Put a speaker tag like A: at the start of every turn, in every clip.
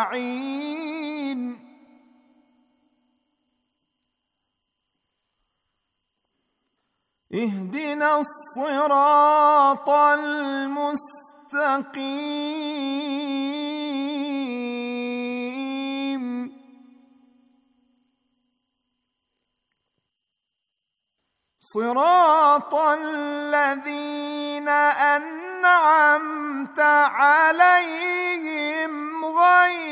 A: أجمعين اهدنا الصراط المستقيم صراط الذين أنعمت عليهم غير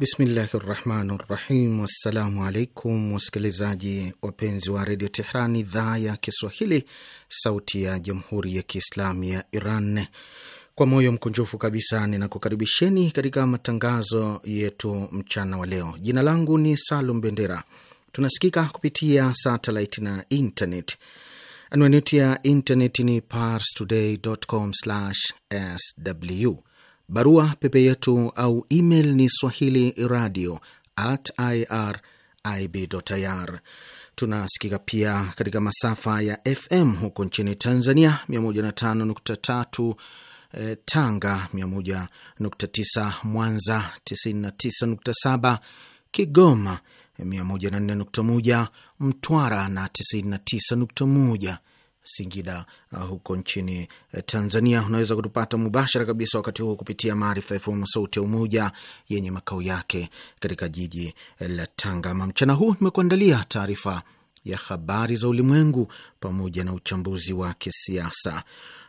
B: Bismillahi rahmani rahim. Wassalamu alaikum wasikilizaji wapenzi wa redio Tehran, idhaa ya Kiswahili, sauti ya jamhuri ya kiislamu ya Iran. Kwa moyo mkunjufu kabisa ninakukaribisheni katika matangazo yetu mchana wa leo. Jina langu ni Salum Bendera. Tunasikika kupitia satellite na internet. Anwani yetu ya internet ni parstoday.com/sw Barua pepe yetu au email ni swahili radio at irib.ir. Tunasikika pia katika masafa ya FM huko nchini Tanzania, 105.3 eh, Tanga, 101.9 Mwanza, 99.7 Kigoma, 104.1 Mtwara na 99.1 Singida uh, huko nchini uh, Tanzania. Unaweza kutupata mubashara kabisa wakati huo kupitia Maarifa FM sauti ya Umoja yenye makao yake katika jiji uh, la Tanga. Ama mchana huu nimekuandalia taarifa ya habari za ulimwengu pamoja na uchambuzi wa kisiasa.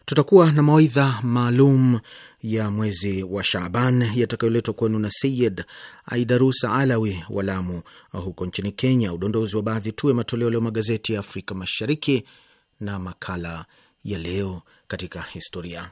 B: Tutakuwa na mawaidha maalum ya mwezi wa Shaaban yatakayoletwa kwenu na Sayid Aidarusa Alawi wa Lamu uh, huko nchini Kenya, udondozi wa baadhi tu ya matoleo leo magazeti ya Afrika Mashariki na makala ya leo katika historia.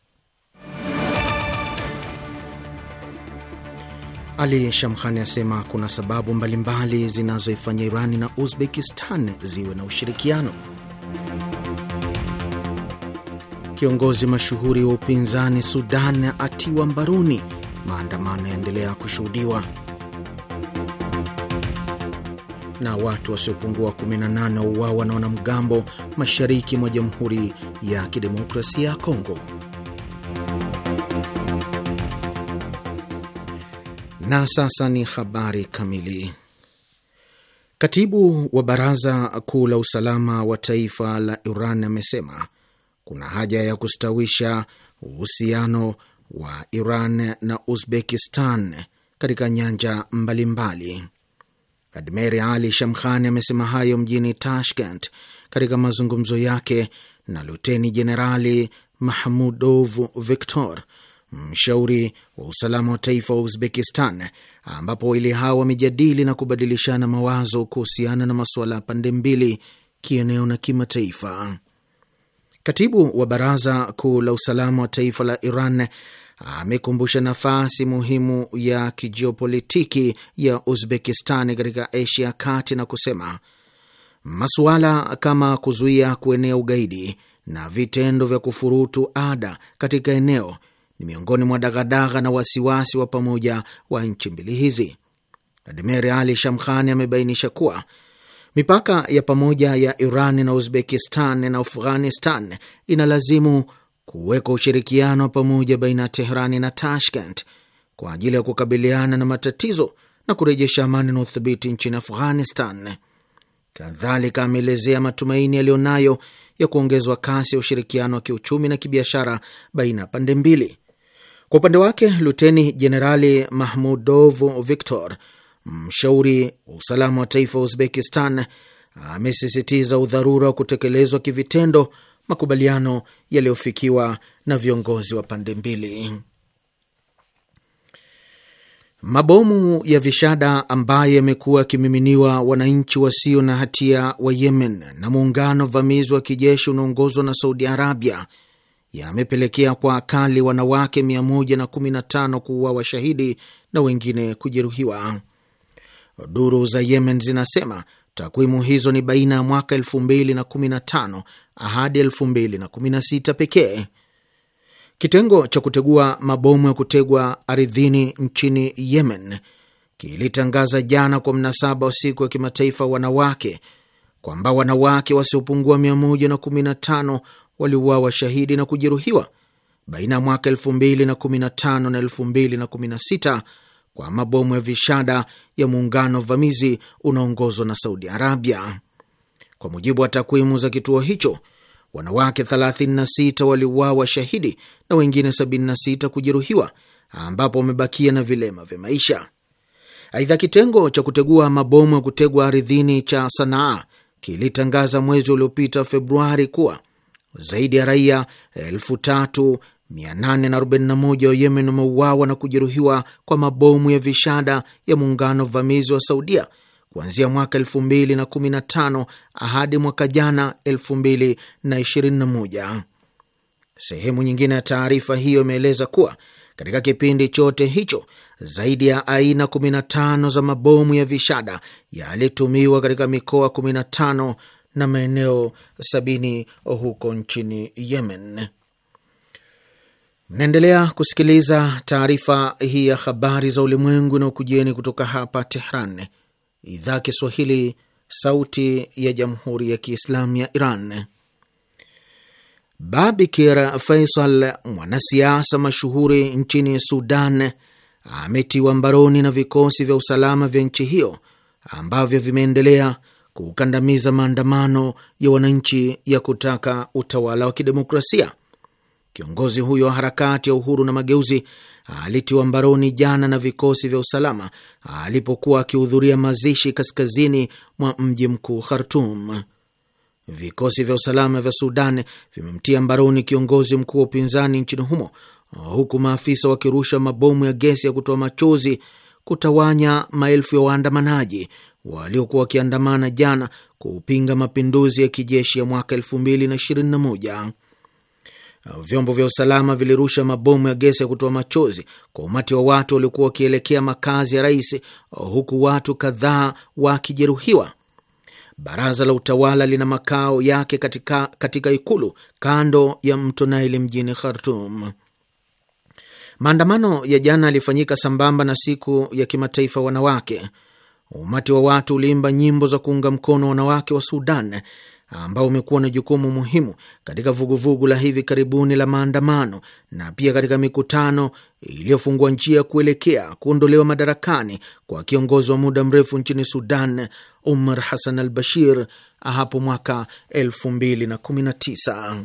B: Ali Shamkhani asema kuna sababu mbalimbali zinazoifanya Irani na Uzbekistan ziwe na ushirikiano. Kiongozi mashuhuri wa upinzani Sudan atiwa mbaruni maandamano yaendelea kushuhudiwa. Na watu wasiopungua 18 wauawa na wanamgambo mashariki mwa Jamhuri ya Kidemokrasia ya Kongo. Na sasa ni habari kamili. Katibu wa Baraza Kuu la Usalama wa Taifa la Iran amesema kuna haja ya kustawisha uhusiano wa Iran na Uzbekistan katika nyanja mbalimbali. Admeri Ali Shamkhani amesema hayo mjini Tashkent katika mazungumzo yake na Luteni Jenerali Mahmudov Victor mshauri wa usalama wa taifa wa Uzbekistan, ambapo wawili hao wamejadili na kubadilishana mawazo kuhusiana na masuala ya pande mbili, kieneo na kimataifa. Katibu wa Baraza Kuu la Usalama wa Taifa la Iran amekumbusha nafasi muhimu ya kijiopolitiki ya uzbekistan katika Asia ya Kati na kusema masuala kama kuzuia kuenea ugaidi na vitendo vya kufurutu ada katika eneo ni miongoni mwa dagadaga na wasiwasi wa pamoja wa nchi mbili hizi. Admeri Ali Shamkhani amebainisha kuwa mipaka ya pamoja ya Iran na Uzbekistan na Afghanistan inalazimu kuwekwa ushirikiano wa pamoja baina ya Teherani na Tashkent kwa ajili ya kukabiliana na matatizo na kurejesha amani na uthabiti nchini Afghanistan. Kadhalika ameelezea matumaini yaliyonayo ya kuongezwa kasi ya ushirikiano wa kiuchumi na kibiashara baina ya pande mbili. Kwa upande wake Luteni Jenerali Mahmudov Victor, mshauri wa usalama wa taifa wa Uzbekistan, amesisitiza udharura wa kutekelezwa kivitendo makubaliano yaliyofikiwa na viongozi wa pande mbili. Mabomu ya vishada ambayo yamekuwa yakimiminiwa wananchi wasio na hatia wa Yemen na muungano vamizi wa kijeshi unaongozwa na Saudi Arabia yamepelekea kwa akali wanawake 115 kuuwa washahidi na wengine kujeruhiwa. Duru za Yemen zinasema takwimu hizo ni baina ya mwaka 2015 hadi 2016 pekee. Kitengo cha kutegua mabomu ya kutegwa ardhini nchini Yemen kilitangaza jana kwa mnasaba wa siku ya kimataifa wanawake kwamba wanawake wasiopungua 115 waliuawa shahidi na kujeruhiwa baina ya mwaka 2015 na 2016 kwa mabomu ya vishada ya muungano wa vamizi unaongozwa na Saudi Arabia. Kwa mujibu wa takwimu za kituo hicho, wanawake 36 waliuawa shahidi na wengine 76 kujeruhiwa, ambapo wamebakia na vilema vya maisha. Aidha, kitengo cha kutegua mabomu ya kutegwa ardhini cha Sanaa kilitangaza mwezi uliopita Februari kuwa zaidi ya raia 3841 wa Yemen wameuawa na kujeruhiwa kwa mabomu ya vishada ya muungano vamizi wa Saudia kuanzia mwaka 2015 hadi mwaka jana 2021. Sehemu nyingine ya taarifa hiyo imeeleza kuwa katika kipindi chote hicho zaidi ya aina 15 za mabomu ya vishada yalitumiwa katika mikoa 15 na maeneo sabini huko nchini Yemen. Mnaendelea kusikiliza taarifa hii ya habari za ulimwengu na ukujieni kutoka hapa Tehran, idhaa Kiswahili, sauti ya jamhuri ya kiislamu ya Iran. Babikir Faisal, mwanasiasa mashuhuri nchini Sudan, ametiwa mbaroni na vikosi vya usalama vya nchi hiyo ambavyo vimeendelea kukandamiza maandamano ya wananchi ya kutaka utawala wa kidemokrasia. Kiongozi huyo wa harakati ya uhuru na mageuzi alitiwa mbaroni jana na vikosi vya usalama alipokuwa akihudhuria mazishi kaskazini mwa mji mkuu Khartum. Vikosi vya usalama vya Sudan vimemtia mbaroni kiongozi mkuu wa upinzani nchini humo, huku maafisa wakirusha mabomu ya gesi ya kutoa machozi kutawanya maelfu ya waandamanaji waliokuwa wakiandamana jana kupinga mapinduzi ya kijeshi ya mwaka 221 Vyombo vya usalama vilirusha mabomu ya gesi ya kutoa machozi kwa umati wa watu waliokuwa wakielekea makazi ya rais, huku watu kadhaa wakijeruhiwa. Baraza la utawala lina makao yake katika, katika ikulu kando ya mto Naili mjini Khartum. Maandamano ya jana yalifanyika sambamba na siku ya kimataifa wanawake umati wa watu uliimba nyimbo za kuunga mkono wanawake wa Sudan ambao umekuwa na jukumu muhimu katika vuguvugu la hivi karibuni la maandamano na pia katika mikutano iliyofungua njia kuelekea kuondolewa madarakani kwa kiongozi wa muda mrefu nchini Sudan, Umar Hassan al Bashir hapo mwaka 2019.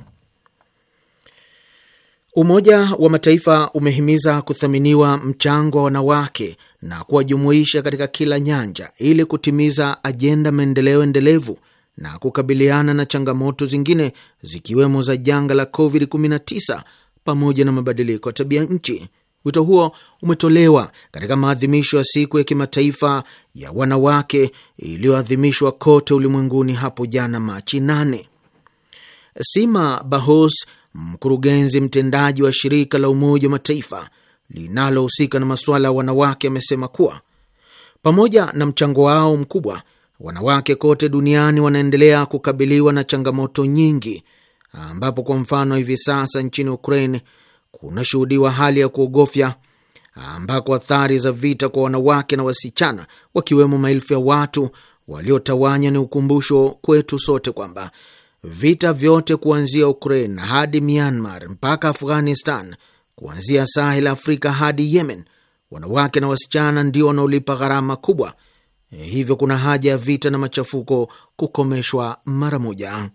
B: Umoja wa Mataifa umehimiza kuthaminiwa mchango wa wanawake na kuwajumuisha katika kila nyanja ili kutimiza ajenda maendeleo endelevu na kukabiliana na changamoto zingine zikiwemo za janga la COVID-19 pamoja na mabadiliko ya tabia nchi. Wito huo umetolewa katika maadhimisho ya siku ya kimataifa ya wanawake iliyoadhimishwa kote ulimwenguni hapo jana Machi 8. Sima Bahos, Mkurugenzi mtendaji wa shirika la Umoja wa Mataifa linalohusika na masuala ya wanawake amesema kuwa pamoja na mchango wao mkubwa, wanawake kote duniani wanaendelea kukabiliwa na changamoto nyingi, ambapo kwa mfano hivi sasa nchini Ukraine kunashuhudiwa hali ya kuogofya ambako athari za vita kwa wanawake na wasichana, wakiwemo maelfu ya watu waliotawanya, ni ukumbusho kwetu sote kwamba Vita vyote kuanzia Ukraine hadi Myanmar mpaka Afghanistan, kuanzia Sahel Afrika hadi Yemen, wanawake na wasichana ndio wanaolipa gharama kubwa. E, hivyo kuna haja ya vita na machafuko kukomeshwa mara moja.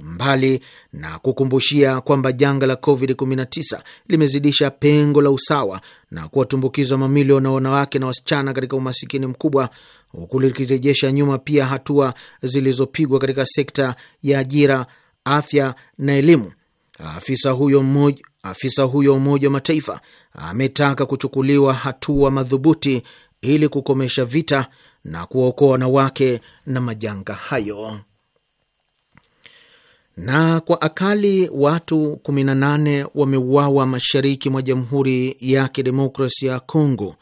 B: Mbali na kukumbushia kwamba janga la COVID-19 limezidisha pengo la usawa na kuwatumbukizwa mamilioni na wanawake na wasichana katika umasikini mkubwa, huku likirejesha nyuma pia hatua zilizopigwa katika sekta ya ajira, afya na elimu. Afisa huyo mmoja afisa huyo Umoja wa Mataifa ametaka kuchukuliwa hatua madhubuti ili kukomesha vita na kuwaokoa wanawake na majanga hayo. Na kwa akali watu 18 wameuawa mashariki mwa Jamhuri ya Kidemokrasia ya Kongo.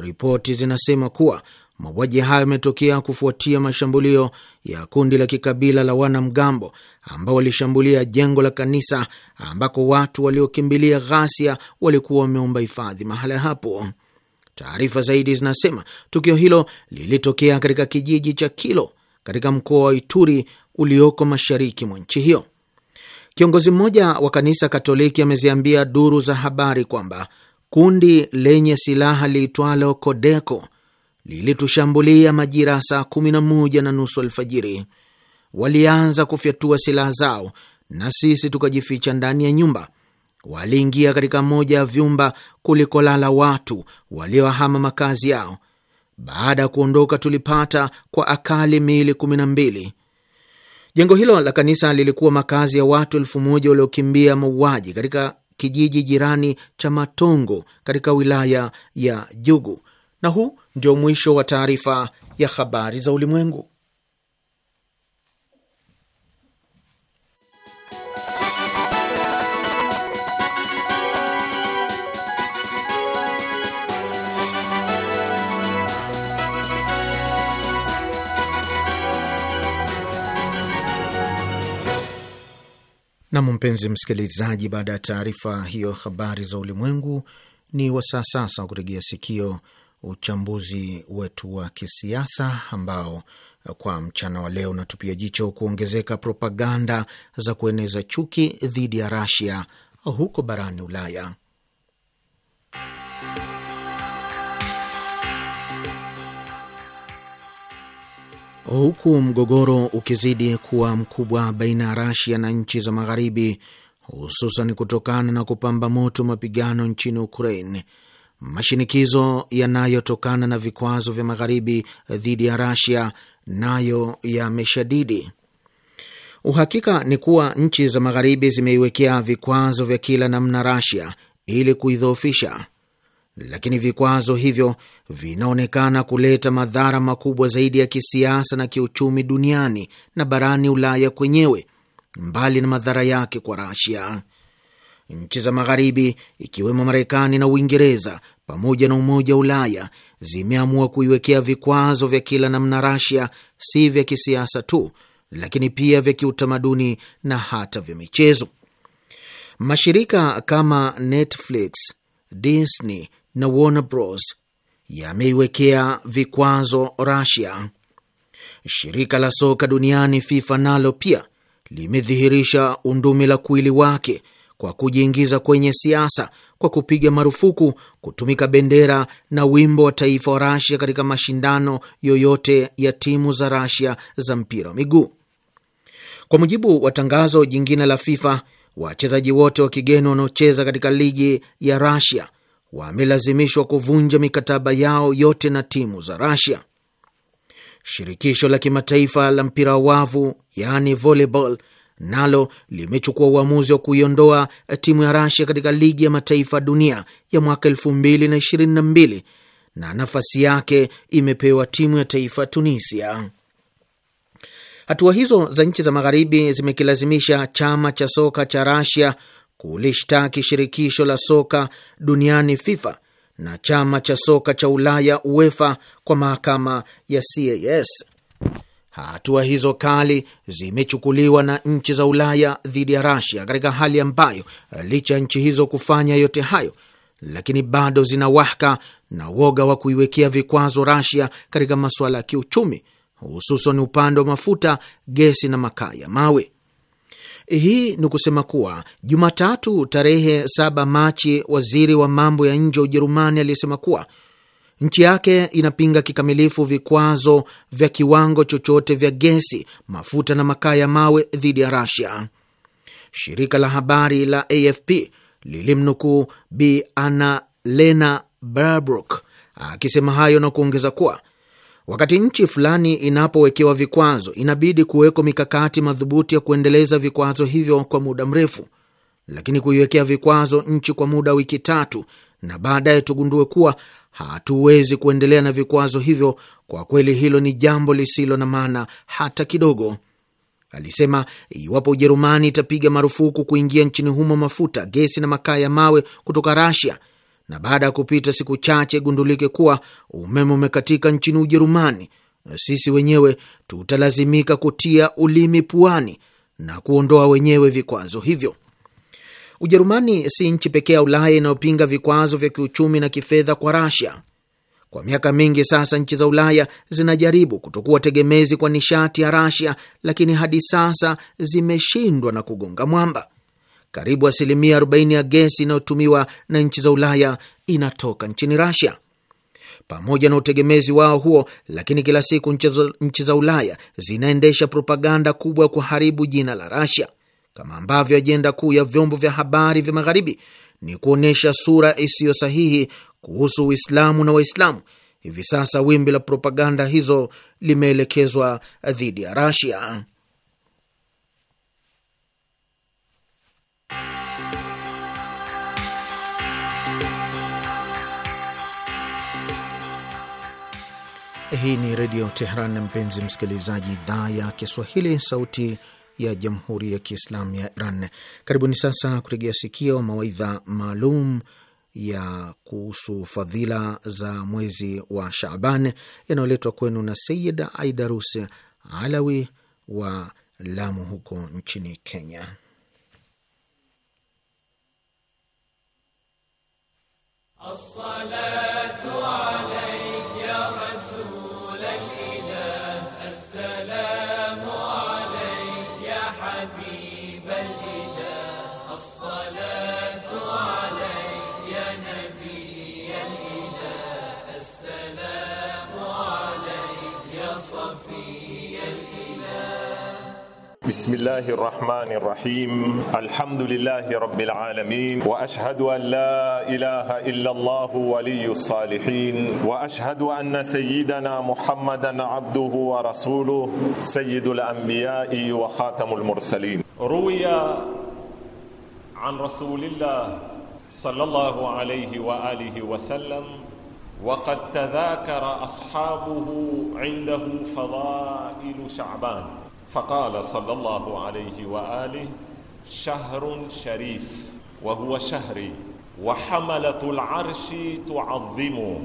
B: Ripoti zinasema kuwa Mauaji hayo yametokea kufuatia mashambulio ya kundi la kikabila la wanamgambo ambao walishambulia jengo la kanisa ambako watu waliokimbilia ghasia walikuwa wameomba hifadhi mahala hapo. Taarifa zaidi zinasema tukio hilo lilitokea katika kijiji cha Kilo katika mkoa wa Ituri ulioko mashariki mwa nchi hiyo. Kiongozi mmoja wa kanisa Katoliki ameziambia duru za habari kwamba kundi lenye silaha liitwalo Kodeko lilitushambulia majira saa kumi na moja na nusu alfajiri. Walianza kufyatua silaha zao na sisi tukajificha ndani ya nyumba. Waliingia katika moja ya vyumba kulikolala watu waliohama makazi yao. Baada ya kuondoka, tulipata kwa akali miili kumi na mbili. Jengo hilo la kanisa lilikuwa makazi ya watu elfu moja waliokimbia mauaji katika kijiji jirani cha Matongo katika wilaya ya Jugu, na huu ndio mwisho wa taarifa ya habari za ulimwengu. Nam, mpenzi msikilizaji, baada ya taarifa hiyo habari za ulimwengu, ni wasaa sasa wa kuregea sikio uchambuzi wetu wa kisiasa ambao kwa mchana wa leo unatupia jicho kuongezeka propaganda za kueneza chuki dhidi ya Rasia huko barani Ulaya. Huku mgogoro ukizidi kuwa mkubwa baina ya Rasia na nchi za Magharibi, hususan kutokana na kupamba moto mapigano nchini Ukraine, Mashinikizo yanayotokana na vikwazo vya magharibi dhidi ya Rasia nayo yameshadidi. Uhakika ni kuwa nchi za magharibi zimeiwekea vikwazo vya kila namna Rasia ili kuidhoofisha, lakini vikwazo hivyo vinaonekana kuleta madhara makubwa zaidi ya kisiasa na kiuchumi duniani na barani Ulaya kwenyewe, mbali na madhara yake kwa Rasia. Nchi za magharibi ikiwemo Marekani na Uingereza pamoja na Umoja wa Ulaya zimeamua kuiwekea vikwazo vya kila namna Rasia, si vya kisiasa tu, lakini pia vya kiutamaduni na hata vya michezo. Mashirika kama Netflix, Disney na Warner Bros yameiwekea vikwazo Rasia. Shirika la soka duniani FIFA nalo pia limedhihirisha undumi la kuili wake kwa kujiingiza kwenye siasa kwa kupiga marufuku kutumika bendera na wimbo wa taifa wa Rasia katika mashindano yoyote ya timu za Rasia za mpira wa miguu. Kwa mujibu wa tangazo jingine la FIFA, wachezaji wote wa kigeni wanaocheza katika ligi ya Rasia wamelazimishwa kuvunja mikataba yao yote na timu za Rasia. Shirikisho la kimataifa la mpira wa wavu, yaani volleyball nalo limechukua uamuzi wa kuiondoa timu ya Rasia katika ligi ya mataifa dunia ya mwaka elfu mbili na ishirini na mbili na nafasi yake imepewa timu ya taifa Tunisia. Hatua hizo za nchi za magharibi zimekilazimisha chama cha soka cha Rasia kulishtaki shirikisho la soka duniani FIFA na chama cha soka cha Ulaya UEFA kwa mahakama ya CAS. Hatua hizo kali zimechukuliwa na nchi za Ulaya dhidi ya Rasia katika hali ambayo licha ya nchi hizo kufanya yote hayo, lakini bado zina wahaka na woga wa kuiwekea vikwazo Rasia katika masuala ya kiuchumi, hususan upande wa mafuta, gesi na makaa ya mawe. Hii ni kusema kuwa Jumatatu tarehe 7 Machi, waziri wa mambo ya nje wa Ujerumani alisema kuwa Nchi yake inapinga kikamilifu vikwazo vya kiwango chochote vya gesi, mafuta na makaa ya mawe dhidi ya rasia Shirika la habari la AFP lilimnukuu Bi Annalena Baerbock akisema hayo na kuongeza kuwa wakati nchi fulani inapowekewa vikwazo, inabidi kuwekwa mikakati madhubuti ya kuendeleza vikwazo hivyo kwa muda mrefu, lakini kuiwekea vikwazo nchi kwa muda wiki tatu na baadaye tugundue kuwa hatuwezi kuendelea na vikwazo hivyo. Kwa kweli hilo ni jambo lisilo na maana hata kidogo. Alisema iwapo Ujerumani itapiga marufuku kuingia nchini humo mafuta, gesi na makaa ya mawe kutoka Rasia, na baada ya kupita siku chache igundulike kuwa umeme umekatika nchini Ujerumani, sisi wenyewe tutalazimika kutia ulimi puani na kuondoa wenyewe vikwazo hivyo. Ujerumani si nchi pekee ya Ulaya inayopinga vikwazo vya kiuchumi na kifedha kwa Rasia. Kwa miaka mingi sasa, nchi za Ulaya zinajaribu kutokuwa tegemezi kwa nishati ya Rasia, lakini hadi sasa zimeshindwa na kugonga mwamba. Karibu asilimia 40 ya gesi inayotumiwa na nchi za Ulaya inatoka nchini Rasia. Pamoja na utegemezi wao huo, lakini kila siku nchi za Ulaya zinaendesha propaganda kubwa ya kuharibu jina la Rasia kama ambavyo ajenda kuu ya vyombo vya habari vya Magharibi ni kuonyesha sura isiyo sahihi kuhusu Uislamu na Waislamu. Hivi sasa wimbi la propaganda hizo limeelekezwa dhidi ya Rasia. Hii ni Redio Tehran, mpenzi msikilizaji, idhaa ya Kiswahili, sauti ya Jamhuri ya Kiislamu ya Iran. Karibuni sasa kuregea sikio mawaidha maalum ya kuhusu fadhila za mwezi wa Shaaban yanayoletwa kwenu na Sayid Aidarus Alawi wa Lamu huko nchini Kenya.
C: بسم الله الرحمن الرحيم الحمد لله رب العالمين واشهد ان لا اله الا الله ولي الصالحين واشهد ان سيدنا محمدا عبده ورسوله سيد الانبياء وخاتم المرسلين روي عن رسول الله صلى الله عليه واله وسلم وقد تذاكر اصحابه عنده فضائل شعبان فقال صلى الله عليه واله شهر شريف وهو شهري وحمله العرش تعظمه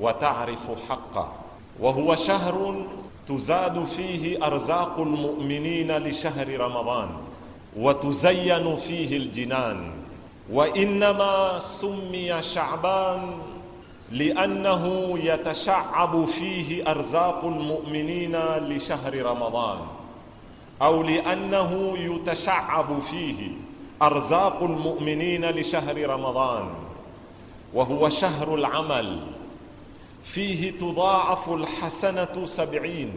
C: وتعرف حقه وهو شهر تزاد فيه ارزاق المؤمنين لشهر رمضان وتزين فيه الجنان وانما سمي شعبان لانه يتشعب فيه ارزاق المؤمنين لشهر رمضان أو لأنه يتشعب فيه أرزاق المؤمنين لشهر رمضان وهو شهر العمل فيه تضاعف الحسنة سبعين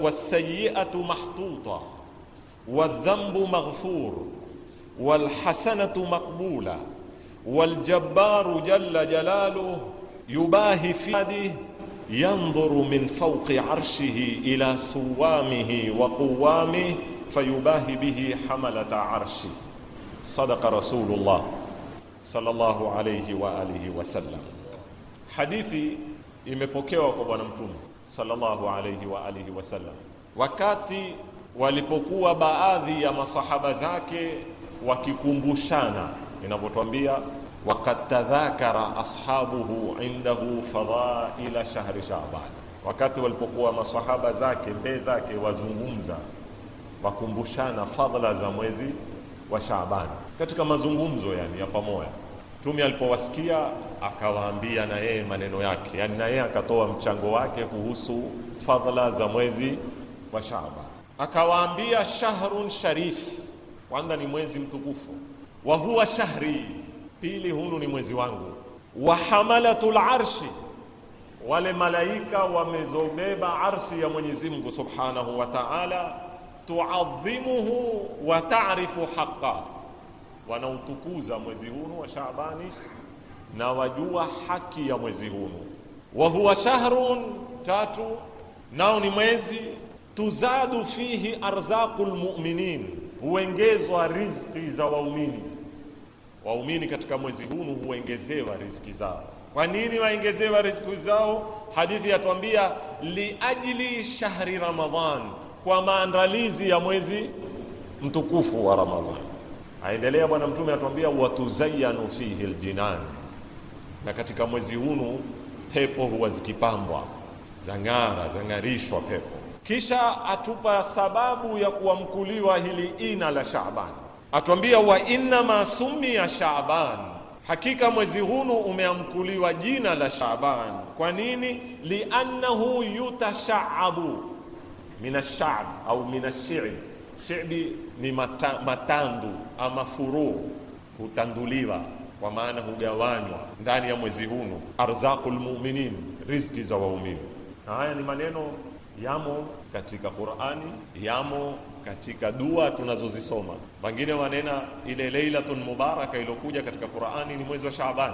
C: والسيئة محطوطة والذنب مغفور والحسنة مقبولة والجبار جل جلاله يباهي في يده yandhuru min fawqi arshihi ila suwamihi wa quwamihi fayubahi bihi hamalata arshi. Sadaqa Rasulullah sallallahu alayhi wa alihi wasallam. Hadithi imepokewa kwa Bwana Mtume sallallahu alayhi wa alihi wasallam, wakati walipokuwa baadhi ya masahaba zake wakikumbushana, inavyotwambia Wakad tadhakara ashabuhu indahu fadhaila shahri Shaaban, wakati walipokuwa masahaba zake mbee zake wazungumza, wakumbushana fadhila za mwezi wa Shaaban katika mazungumzo yani ya pamoja. Mtume alipowasikia akawaambia na yeye maneno yake, yani na yeye akatoa mchango wake kuhusu fadhila za mwezi wa Shaaban, akawaambia shahrun sharif, kwanza ni mwezi mtukufu, wa huwa shahri Pili, hunu ni mwezi wangu. Wa hamalatul arshi, wale malaika wamezobeba arshi ya Mwenyezi Mungu Subhanahu wa Ta'ala. Tuadhimuhu wa ta'rifu haqqa, wanautukuza mwezi hunu wa Shaabani na wajua haki ya mwezi hunu. Wa huwa shahrun, tatu nao ni mwezi tuzadu fihi arzaqul mu'minin, huongezwa riziki za waumini waumini katika mwezi huu huongezewa riziki zao. Kwa nini waongezewa riziki zao? Hadithi yatwambia liajli shahri Ramadhan, kwa maandalizi ya mwezi mtukufu wa Ramadhan. Aendelea Bwana Mtume atuambia watuzayanu fihi ljinan, na katika mwezi huu pepo huwa zikipambwa zang'ara zang'arishwa pepo. Kisha atupa sababu ya kuamkuliwa hili ina la Shaaban Atuambia wa inna ma sumia Shaaban, hakika mwezi huu umeamkuliwa jina la Shaaban. Kwa nini? Liannahu yutashaabu min ashab au min ashibi. Shibi ni mata, matandu ama furuu, hutanduliwa kwa maana hugawanywa ndani ya mwezi huu. Arzaqul mu'minin, riziki za waumini. Haya ni maneno yamo katika Qur'ani, yamo katika dua tunazozisoma. Wengine wanena ile lailatun mubaraka iliyokuja katika Qur'ani ni mwezi wa Shaaban,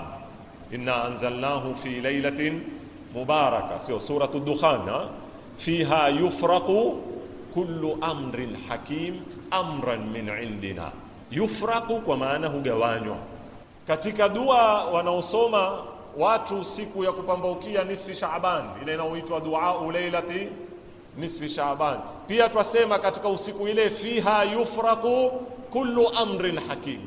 C: inna anzalnahu fi lailatin mubaraka, sio suratu Dukhan, fiha yufraqu kullu amrin hakim amran min indina, yufraqu kwa maana hugawanywa. Katika dua wanaosoma watu siku ya kupambaukia nisfi Shaaban, ile inaoitwa duau lailati nisfi Shaaban. Pia twasema katika usiku ile, fiha yufraqu kullu amrin hakim,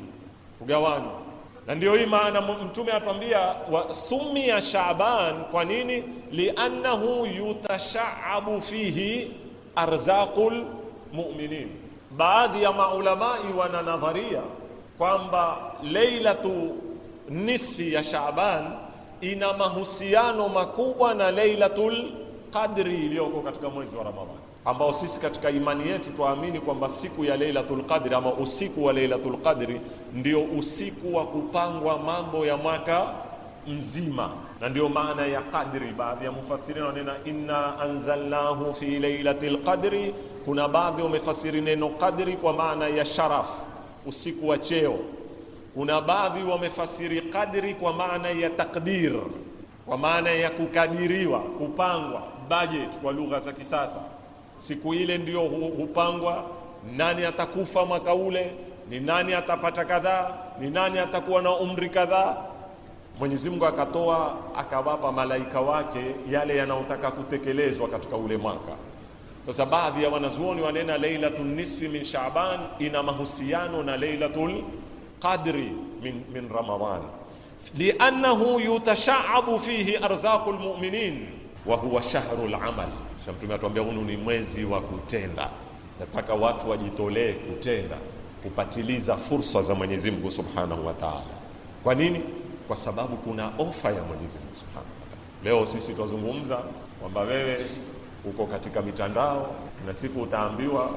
C: kugawanywa. Na ndio hii maana Mtume atwambia sumia Shaaban. Kwa nini? liannahu yutashaabu fihi arzaqul mu'minin. Baadhi ya maulamai wana nadharia kwamba leilatu nisfi ya Shaaban ina mahusiano makubwa na leilatul kadri iliyoko katika mwezi wa Ramadhani, ambao sisi katika imani yetu twaamini kwamba siku ya Lailatul Qadri ama usiku wa Lailatul Qadri ndio usiku wa kupangwa mambo ya mwaka mzima, na ndio maana ya qadri. Baadhi ya mufasiri wanena inna anzalnahu fi lailatil qadri, kuna baadhi wamefasiri neno qadri kwa maana ya sharafu, usiku wa cheo. Kuna baadhi wamefasiri qadri kwa maana ya takdir, kwa maana ya kukadiriwa, kupangwa budget kwa lugha za kisasa. Siku ile ndiyo hupangwa nani atakufa mwaka ule, ni nani atapata kadhaa, ni nani atakuwa na umri kadhaa. Mwenyezi Mungu akatoa akawapa malaika wake yale yanayotaka kutekelezwa katika ule mwaka. Sasa baadhi ya wanazuoni wanena lailatul nisfi min Shaaban ina mahusiano na lailatul qadri min, min Ramadhan liannahu yutashaabu fihi arzaqul mu'minin wa huwa shahru al-amal. Mtume atuambia huu ni mwezi wa kutenda. Nataka watu wajitolee kutenda, kupatiliza fursa za Mwenyezi Mungu Subhanahu wa Ta'ala. Kwa nini? Kwa sababu kuna ofa ya Mwenyezi Mungu Subhanahu wa Ta'ala. Leo sisi twazungumza kwamba wewe uko katika mitandao na siku utaambiwa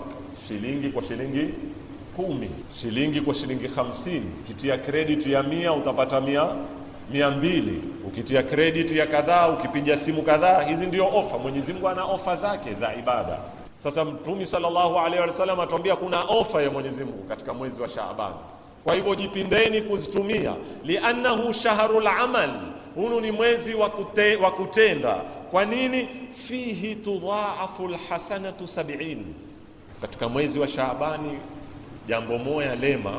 C: shilingi kwa shilingi kumi, shilingi kwa shilingi hamsini, kitia credit ya mia utapata mia mia mbili ukitia credit ya kadhaa, ukipiga simu kadhaa. Hizi ndio ofa. Mwenyezi Mungu ana ofa zake za ibada. Sasa Mtume sallallahu alaihi wasallam atuambia kuna ofa ya Mwenyezi Mungu katika mwezi wa Shaaban. Kwa hivyo jipindeni kuzitumia, liannahu shahrul amal, hunu ni mwezi wa wa kutenda. Kwa nini? fihi tudhaafu lhasanatu 70 katika mwezi wa Shaabani jambo moya lema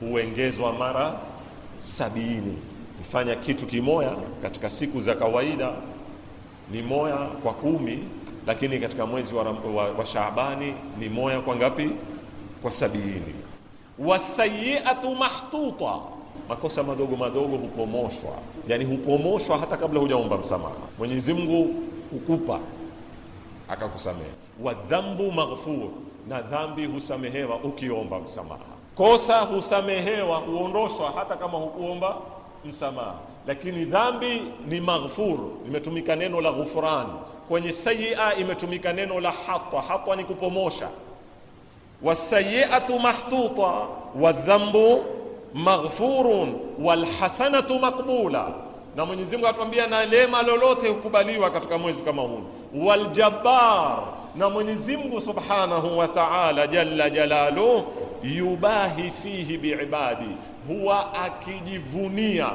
C: huongezwa mara kufanya kitu kimoya katika siku za kawaida ni moya kwa kumi, lakini katika mwezi wa, wa, wa Shaabani ni moya kwa ngapi? Kwa sabiini Wasayiatu mahtuta, makosa madogo madogo hupomoshwa, yani hupomoshwa hata kabla hujaomba msamaha. Mwenyezi Mungu hukupa akakusamehe. Wadhambu maghfur, na dhambi husamehewa ukiomba msamaha. Kosa husamehewa, huondoshwa hata kama hukuomba msamaha, lakini dhambi ni maghfur, imetumika neno la ghufran. Kwenye sayia imetumika neno la hatwa, hatwa ni kupomosha. Wasayiatu mahtuta wadhambu maghfurun walhasanatu maqbula. Na Mwenyezi Mungu atuambia, na neema lolote hukubaliwa katika mwezi kama huu. Waljabbar, na Mwenyezi Mungu subhanahu wa ta'ala jalla jalalu yubahi fihi biibadi huwa akijivunia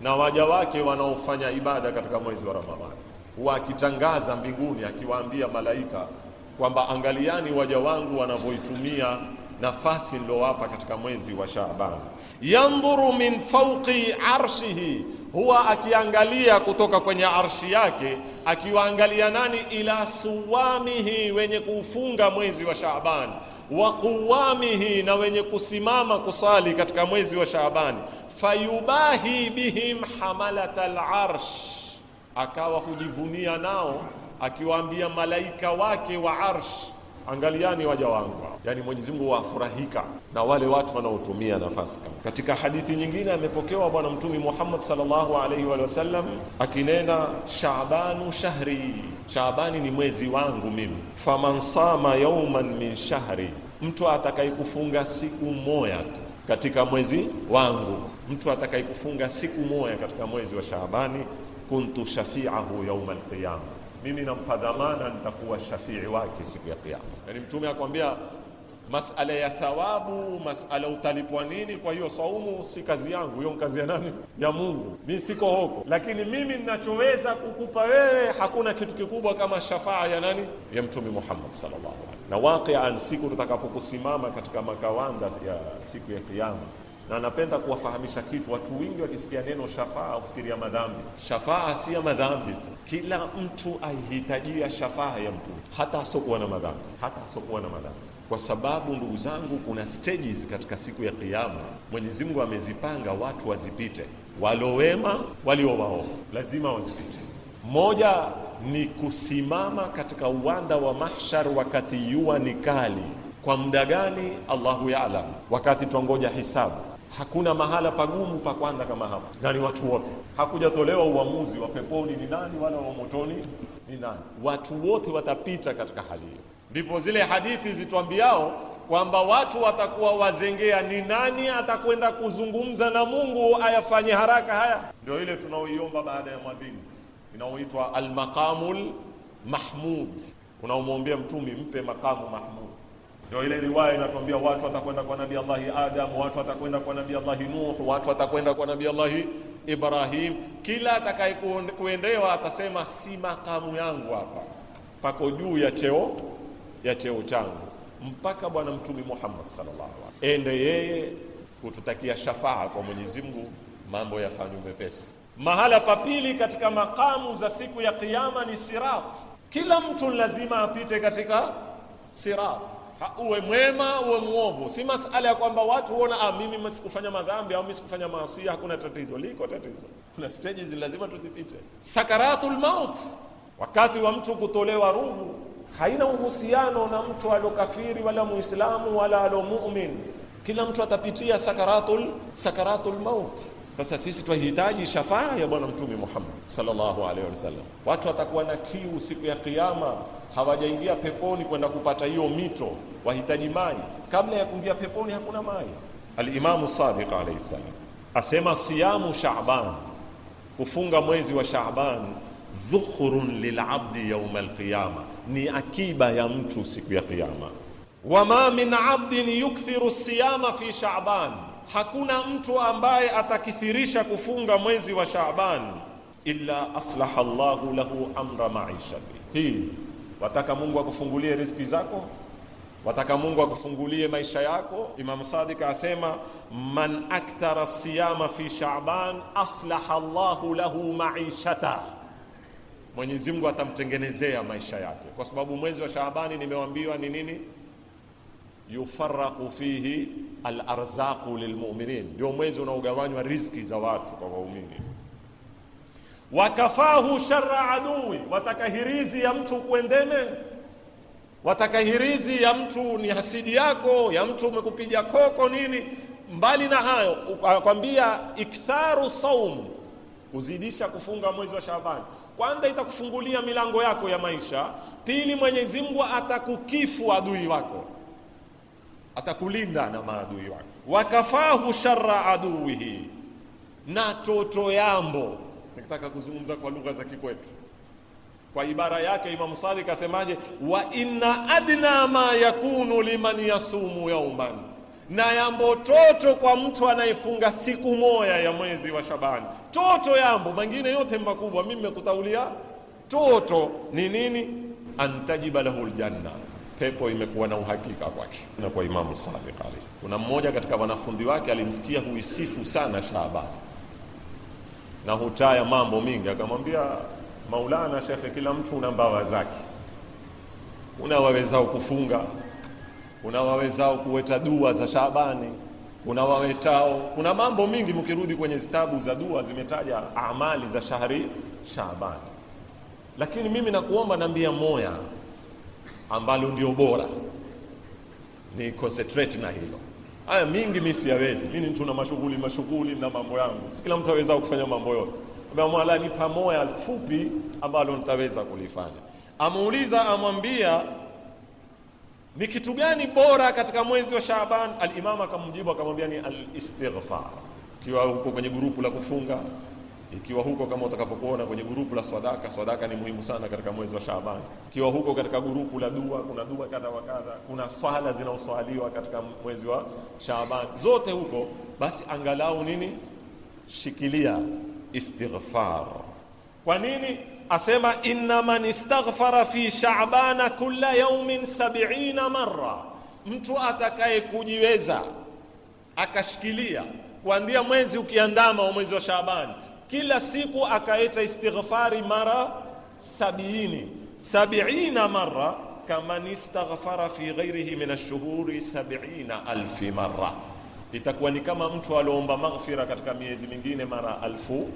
C: na waja wake wanaofanya ibada katika mwezi wa Ramadhani, huwa akitangaza mbinguni akiwaambia malaika kwamba angaliani waja wangu wanavyoitumia nafasi niliowapa katika mwezi wa Shaaban. Yandhuru min fauqi arshihi, huwa akiangalia kutoka kwenye arshi yake, akiwaangalia nani? Ila suwamihi, wenye kuufunga mwezi wa Shaaban wa quwamihi, na wenye kusimama kusali katika mwezi wa Shaabani. Fayubahi bihim hamalat al-arsh, akawa hujivunia nao akiwaambia malaika wake wa arsh Angaliani waja wangu, yani Mwenyezi Mungu wafurahika na wale watu wanaotumia nafasi. Katika hadithi nyingine amepokewa Bwana Mtume Muhammad sallallahu alaihi wa sallam akinena, Shaabanu shahri, Shaabani ni mwezi wangu mimi, faman sama yauman min shahri, mtu atakayekufunga siku moja katika mwezi wangu, mtu atakayekufunga siku moja katika mwezi wa Shaabani, kuntu shafiahu yauma alqiyama mimi nampa dhamana nitakuwa shafii wake siku ya Kiyama. Yani mtume akwambia masala ya thawabu, masala utalipwa nini. Kwa hiyo saumu si kazi yangu, hiyo kazi ya nani? Ya Mungu. Mimi siko hoko, lakini mimi ninachoweza kukupa wewe, hakuna kitu kikubwa kama shafaa ya nani? Ya Mtume Muhammad sallallahu alaihi wasallam. Na waqian, siku tutakapokusimama katika makawanda ya siku ya Kiyama na napenda kuwafahamisha kitu. Watu wengi wakisikia neno shafaa hufikiria madhambi. Shafaa si ya madhambi tu, kila mtu aihitajia shafaa ya mtu, hata asokuwa na madhambi, hata asokuwa na madhambi, kwa sababu ndugu zangu, kuna stages katika siku ya Kiyama Mwenyezi Mungu amezipanga watu wazipite, walowema, waovu, lazima wazipite. Moja ni kusimama katika uwanda wa mahshar wakati jua ni kali. Kwa muda gani? Allahu yaalam, wakati twangoja hisabu Hakuna mahala pagumu pa kwanza kama hapa, na ni watu wote. Hakujatolewa uamuzi wa peponi ni nani wala wa motoni ni nani. Watu wote watapita katika hali hiyo. Ndipo zile hadithi zitwambiao kwamba watu watakuwa wazengea, ni nani atakwenda kuzungumza na Mungu ayafanye haraka haya? Ndio ile tunaoiomba baada ya mwadhini inaoitwa almaqamul mahmud, unaomwombea mtumi mpe makamu mahmud ndio ile riwaya inatuambia watu watakwenda kwa nabii Allahi Adam, watu watakwenda kwa nabii Allahi Nuh, watu watakwenda kwa nabii Allahi Ibrahim. Kila atakayekuendewa atasema si makamu yangu hapa, pako juu ya cheo ya cheo changu, mpaka Bwana Mtume Muhammad sallallahu alaihi wasallam ende yeye kututakia shafaa kwa Mwenyezi Mungu, mambo yafanywe mepesi. Mahala pa pili katika makamu za siku ya Kiyama ni sirat. Kila mtu lazima apite katika sirat. Ah, uwe mwema uwe mwovu. Si masala ya kwamba watu huona ah, mimi sikufanya madhambi au mimi sikufanya maasi, hakuna tatizo. Liko tatizo, kuna stages lazima tuzipite. Sakaratul maut, wakati wa mtu kutolewa ruhu, haina uhusiano na mtu alokafiri wala muislamu wala alomumin. Kila mtu atapitia sakaratul sakaratul maut. Sasa sisi twahitaji shafaa ya Bwana Mtume Muhammad sallallahu alaihi wasallam. Watu watakuwa na kiu siku ya Kiyama hawajaingia peponi kwenda kupata hiyo mito, wahitaji maji. Kabla ya kuingia peponi hakuna maji. Alimamu Sadiq alayhi salam asema siyamu Shaaban, kufunga mwezi wa Shaaban, dhukhrun lilabdi yauma alqiyama, ni akiba ya mtu siku ya Kiyama. Wama min abdin yukthiru siyama fi Shaaban, hakuna mtu ambaye atakithirisha kufunga mwezi wa Shaaban illa aslaha Allahu lahu amra maishati hii Wataka Mungu akufungulie wa riziki zako, wataka Mungu akufungulie wa maisha yako. Imamu Sadiq asema man akthara siyama fi Shaaban aslaha Allahu lahu maishata, Mwenyezi Mungu atamtengenezea maisha yake, kwa sababu mwezi wa Shaabani nimewambiwa ni nini? yufaraqu fihi alarzaqu lilmuminin, ndio mwezi unaogawanywa riziki za watu kwa waumini wakafahu sharra adui, wataka hirizi ya mtu kuendene wataka hirizi ya mtu ni hasidi yako, ya mtu umekupiga koko nini. Mbali na hayo, akwambia iktharu saum, kuzidisha kufunga mwezi wa Shaabani. Kwanza itakufungulia milango yako ya maisha, pili Mwenyezi Mungu atakukifu adui wako, atakulinda na maadui wako. Wakafahu sharra aduihi, na toto yambo Nikitaka kuzungumza kwa lugha za kikwetu, kwa ibara yake Imam Sadiq asemaje? wa inna adna ma yakunu liman yasumu yauman, na yambo toto kwa mtu anayefunga siku moja ya mwezi wa Shabani. Toto yambo mengine yote makubwa, mimi nimekutaulia toto ni nini? antajiba lahu ljanna, pepo imekuwa na uhakika kwake. Na kwa Imam Sadiq alayhi, kuna mmoja katika wanafunzi wake alimsikia huisifu sana Shabani na hutaya mambo mingi. Akamwambia Maulana Shekhe, kila mtu una mbawa zake, kuna wawezao kufunga, kuna wawezao kuweta dua za Shabani, kuna wawetao, kuna mambo mingi. Mkirudi kwenye zitabu za dua zimetaja amali za shahri Shabani, lakini mimi nakuomba nambia moya ambalo ndio bora ni concentrate na hilo Haya mingi mimi siyawezi, mimi ni mtu na mashughuli mashughuli na mambo yangu, si kila mtu aweza kufanya mambo yote. Mola nipa moya fupi ambalo nitaweza kulifanya. Amuuliza, amwambia ni kitu gani bora katika mwezi wa Shaaban? Alimamu akamjibu akamwambia ni al istighfar Ukiwa huko kwenye gurupu la kufunga ikiwa huko kama utakapokuona kwenye gurupu la swadaka, swadaka ni muhimu sana katika mwezi wa Shaaban. Ikiwa huko katika gurupu la dua, kuna dua kadha wa kadha, kuna swala zinaoswaliwa katika mwezi wa Shaaban, zote huko. Basi angalau nini, shikilia istighfar. Kwa nini asema inna man istaghfara fi shaabana kulla yawmin sab'ina marra, mtu atakaye kujiweza akashikilia kuanzia mwezi ukiandama wa mwezi wa Shaabani kila siku akaita istighfari mara sabiini sabiina mara kaman istaghfara fi ghairihi min ash-shuhuri sabiina alfi mara, itakuwa ni kama mtu aliomba maghfira katika miezi mingine mara alfu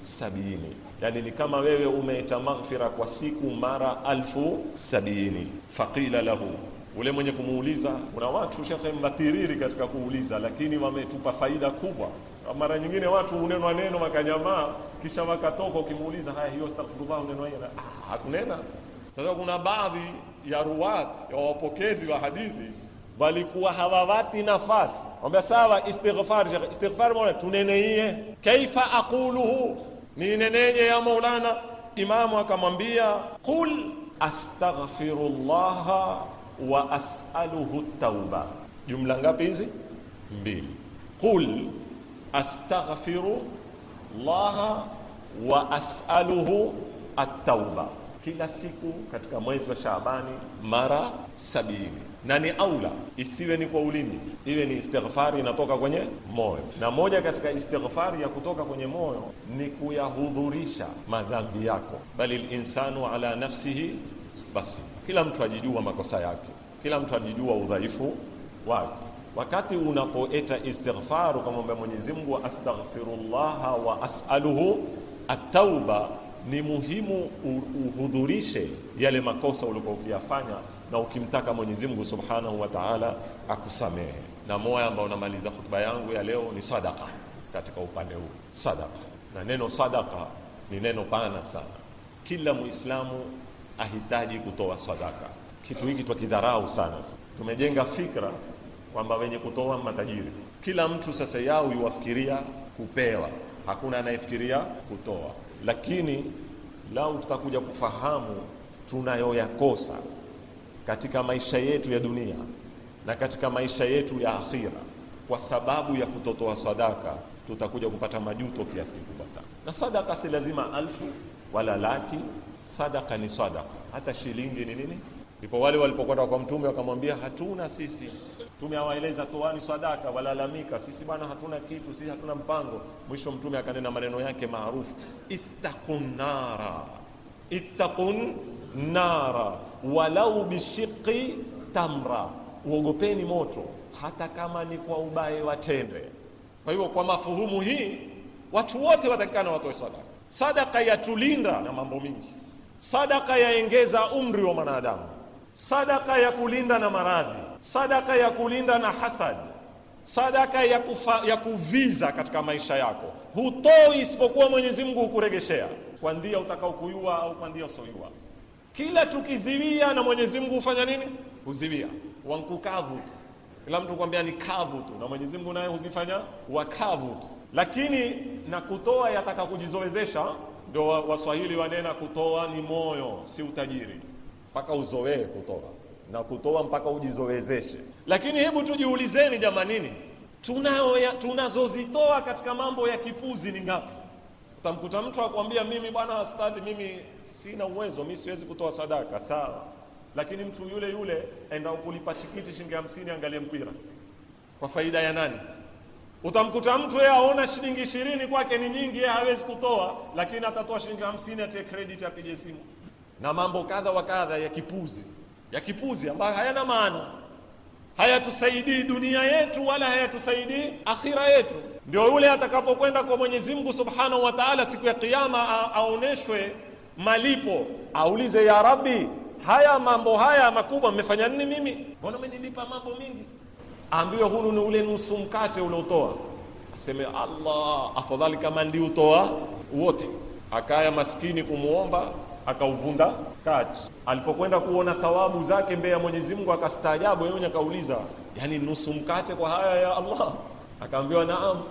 C: sabiini. Yani ni kama wewe umeita maghfira kwa siku mara alfu sabiini. Faqila lahu ule mwenye kumuuliza, kuna watu shekhe mbatiriri katika kuuliza, lakini wametupa faida kubwa mara nyingine watu unenwa neno wakanyamaa, kisha wakatoka, ukimuuliza haya, hiyo astaghfirullah unenwa neno hakunena. Sasa kuna baadhi ya ruwat ya wapokezi wa hadithi walikuwa hawawati nafasi, wambia sawa, istighfar shekhe, istighfar mwana tuneneiye, kaifa aquluhu, ni nineneye ya Maulana. Imamu akamwambia qul astaghfirullah wa as'aluhu tauba. Jumla ngapi hizi? Mbili. qul astaghfiru llaha wa as'aluhu at kila siku katika mwezi wa Shaabani mara sabini na ni aula isiwe ni kwa ulimi, iwe ni istighfari inatoka kwenye moyo. Na moja katika istighfari ya kutoka kwenye moyo ni kuyahudhurisha madhambi yako, bali linsanu ala nafsihi basi. Kila mtu ajijua makosa yake, kila mtu ajijua udhaifu wake. Wakati unapoeta istighfaru kamwambia Mwenyezi Mungu astaghfirullah wa asaluhu atauba, ni muhimu uhudhurishe yale makosa uliokuwa ukiyafanya, na ukimtaka Mwenyezi Mungu subhanahu wa taala akusamehe. Na moya ambao unamaliza hotuba yangu ya leo ni sadaka. Katika upande huu sadaka, na neno sadaka ni neno pana sana. Kila Muislamu ahitaji kutoa sadaka. Kitu hiki twakidharau sana, tumejenga fikra kwamba wenye kutoa matajiri. Kila mtu sasa yao yuwafikiria kupewa, hakuna anayefikiria kutoa. Lakini lau tutakuja kufahamu tunayoyakosa katika maisha yetu ya dunia na katika maisha yetu ya akhira kwa sababu ya kutotoa sadaka, tutakuja kupata majuto kiasi kikubwa sana. Na sadaka si lazima alfu wala laki, sadaka ni sadaka, hata shilingi ni nini. Ndipo wale walipokwenda kwa Mtume wakamwambia, hatuna sisi Mtume awaeleza toani sadaka, walalamika, sisi bwana hatuna kitu, sisi hatuna mpango. Mwisho Mtume akanena maneno yake maarufu, ittaqun nara, ittaqun nara walau bishiqi tamra, uogopeni moto hata kama ni kwa ubaye watende. Kwa hivyo kwa mafuhumu hii watu wote watakikana watoe sadaka. Sadaka yatulinda na mambo mingi, sadaka yaengeza umri wa mwanadamu, sadaka ya kulinda na maradhi sadaka ya kulinda na hasad, sadaka ya, kufa, ya kuviza katika maisha yako, hutoi isipokuwa Mwenyezi Mungu hukuregeshea kwa ndia kuyua au kwa ndia usioyua. Kila tukiziwia na Mwenyezi Mungu hufanya nini? Huziwia wankukavu tu, kila mtu kwambia ni kavu tu, na Mwenyezi Mungu naye huzifanya wakavu tu. Lakini na kutoa yataka kujizowezesha, ndio Waswahili wanena kutoa ni moyo, si utajiri, mpaka uzowee kutoa na kutoa mpaka ujizowezeshe. Lakini hebu tujiulizeni jamanini, tunazozitoa katika mambo ya kipuzi ni ngapi? Utamkuta mtu akwambia, mimi bwana astadhi, mimi sina uwezo, mimi siwezi kutoa sadaka. Sawa, lakini mtu yule yule aenda kulipa tikiti shilingi hamsini, angalie mpira kwa faida ya nani? Utamkuta mtu yeye aona shilingi ishirini kwake ni nyingi, yeye hawezi kutoa, lakini atatoa shilingi hamsini, atie credit, apige simu na mambo kadha wa kadha ya kipuzi ya kipuzi ambayo hayana maana, hayatusaidii dunia yetu wala hayatusaidii akhira yetu. Ndio yule atakapokwenda kwa Mwenyezi Mungu Subhanahu wa Ta'ala siku ya Kiyama aoneshwe malipo, aulize ya Rabbi, haya mambo haya makubwa mmefanya nini mimi? Mbona mmenilipa mambo mingi? Aambiwe hunu ni ule nusu mkate uliotoa, aseme Allah, afadhali kama ndiutoa wote, akaya maskini kumuomba akauvunda kati alipokwenda kuona thawabu zake mbele ya Mwenyezi Mungu akastaajabu, yeye mwenyewe akauliza, yani nusu mkate kwa haya ya Allah? Akaambiwa naam.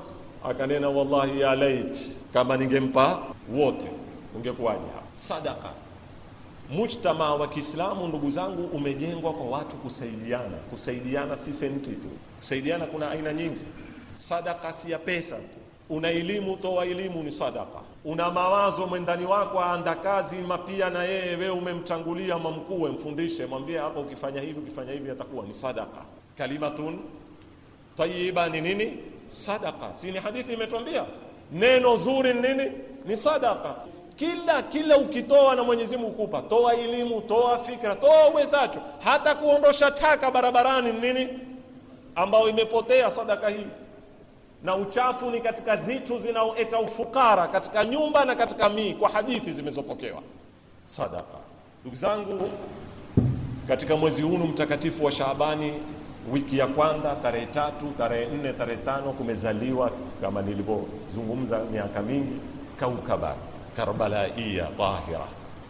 C: Akanena, wallahi ya lait, kama ningempa wote ungekuwaje? Sadaka. Mujtama wa Kiislamu ndugu zangu, umejengwa kwa watu kusaidiana. Kusaidiana si senti tu, kusaidiana kuna aina nyingi. Sadaka si ya pesa tu Una elimu, toa elimu, ni sadaka. Una mawazo, mwendani wako aanda kazi mapia, na yeye wewe umemtangulia, mamkuu mfundishe, mwambie hapo, ukifanya hivi, ukifanya hivi, atakuwa ni sadaka. Kalimatun tayyiba ni nini? Sadaka. Si ni hadithi imetwambia, neno zuri ni nini? Ni sadaka. Kila kila ukitoa na Mwenyezi Mungu kupa. Toa elimu, toa fikra, toa uwezacho, hata kuondosha taka barabarani ni nini, ambayo imepotea sadaka hii na uchafu ni katika zitu zinaoeta ufukara katika nyumba na katika mii, kwa hadithi zimezopokewa. Sadaka. Ndugu zangu, katika mwezi huu mtakatifu wa Shaabani, wiki ya kwanza, tarehe tatu, tarehe nne, tarehe tano, kumezaliwa kama nilivyozungumza miaka mingi kaukaba karbalaiya tahira,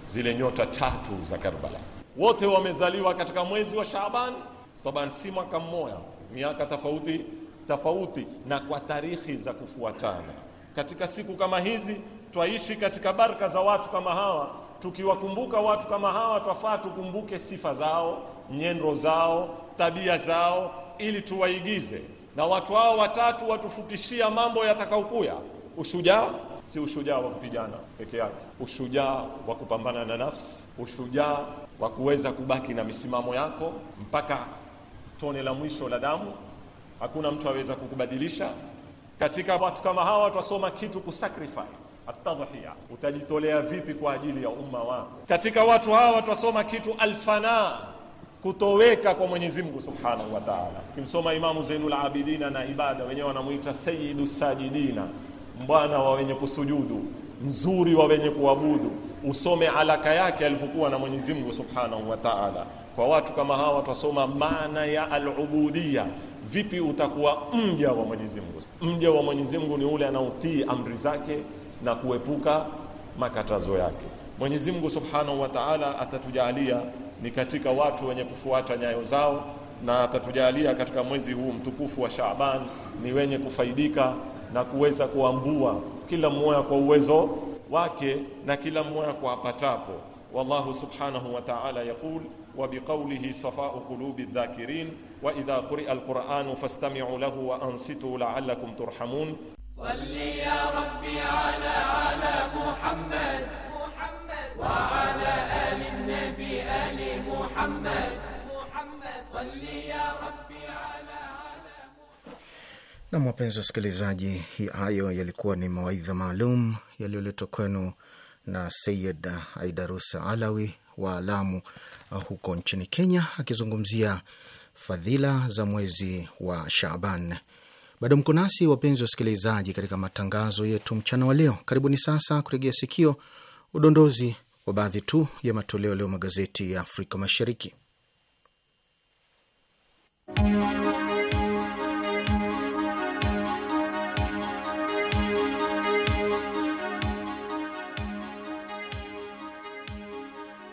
C: zile nyota tatu za Karbala. Wote wamezaliwa katika mwezi wa Shaabani, taban si mwaka mmoja, miaka tofauti tofauti na kwa tarehe za kufuatana. Katika siku kama hizi twaishi katika baraka za watu kama hawa, tukiwakumbuka watu kama hawa twafaa tukumbuke sifa zao, nyendo zao, tabia zao, ili tuwaigize na watu hao watatu watufupishia mambo yatakaokuya. Ushujaa si ushujaa wa kupigana peke yake, ushujaa wa kupambana na nafsi, ushujaa wa kuweza kubaki na misimamo yako mpaka tone la mwisho la damu. Hakuna mtu aweza kukubadilisha katika watu kama hawa. Twasoma kitu sacrifice atadhiya, utajitolea vipi kwa ajili ya umma wako? Katika watu hawa twasoma kitu alfana, kutoweka kwa Mwenyezi Mungu Subhanahu wa Ta'ala. Kimsoma Imamu Zainul Abidina na ibada wenyewe wanamuita Sayyidu Sajidina, mbwana wa wenye kusujudu, mzuri wa wenye kuabudu. Usome alaka yake alivyokuwa na Mwenyezi Mungu Subhanahu wa Ta'ala. Kwa watu kama hawa twasoma maana ya alubudia vipi utakuwa mja wa Mwenyezi Mungu? Mja wa Mwenyezi Mungu ni ule anaotii amri zake na kuepuka makatazo yake. Mwenyezi Mungu Subhanahu wa Ta'ala atatujalia ni katika watu wenye kufuata nyayo zao na atatujalia katika mwezi huu mtukufu wa Shaaban ni wenye kufaidika na kuweza kuambua kila mmoja kwa uwezo wake na kila mmoja kwa apatapo. Wallahu subhanahu wa ta'ala yaqul wa biqawlihi safa'u qulubi dhakirin wa idha quria alquranu fastamiu lahu wa ansitu laallakum turhamun.
D: Salli ya rabbi ala ala Muhammad wa ala ali nabi ali Muhammad. Salli ya rabbi ala
B: Wapenzi wasikilizaji, hayo yalikuwa ni mawaidha maalum yaliyoletwa kwenu na Sayid Aidarus Alawi wa Alamu uh, huko nchini Kenya akizungumzia fadhila za mwezi wa shaban Bado mko nasi wapenzi wasikilizaji, katika matangazo yetu mchana wa leo. Karibuni sasa kuregea sikio udondozi wa baadhi tu ya matoleo leo magazeti ya Afrika Mashariki.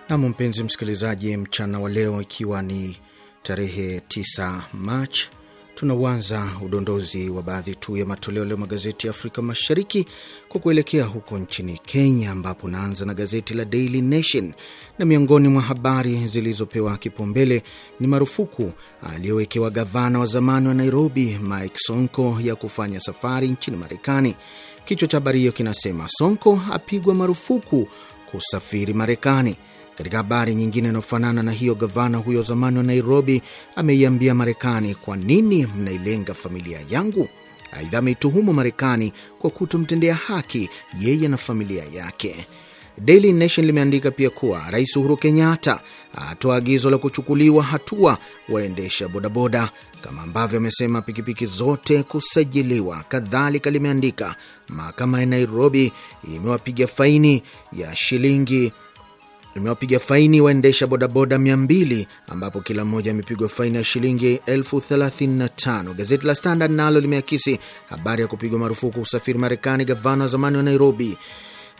B: Nam, mpenzi msikilizaji, mchana wa leo ikiwa ni tarehe 9 Machi, tunauanza udondozi wa baadhi tu ya matoleo leo magazeti ya Afrika Mashariki kwa kuelekea huko nchini Kenya, ambapo naanza na gazeti la Daily Nation na miongoni mwa habari zilizopewa kipaumbele ni marufuku aliyowekewa gavana wa zamani wa Nairobi Mike Sonko ya kufanya safari nchini Marekani. Kichwa cha habari hiyo kinasema Sonko apigwa marufuku kusafiri Marekani. Katika habari nyingine inayofanana na hiyo, gavana huyo zamani wa Nairobi ameiambia Marekani, kwa nini mnailenga familia yangu? Aidha, ameituhumu Marekani kwa kutomtendea haki yeye na familia yake. Daily Nation limeandika pia kuwa Rais Uhuru Kenyatta atoa agizo la kuchukuliwa hatua waendesha bodaboda, kama ambavyo amesema pikipiki zote kusajiliwa. Kadhalika limeandika mahakama ya Nairobi imewapiga faini ya shilingi limewapiga faini waendesha bodaboda 200 ambapo kila mmoja amepigwa faini ya shilingi elfu 35. Gazeti la Standard nalo limeakisi habari ya kupigwa marufuku usafiri Marekani gavana wa zamani wa Nairobi.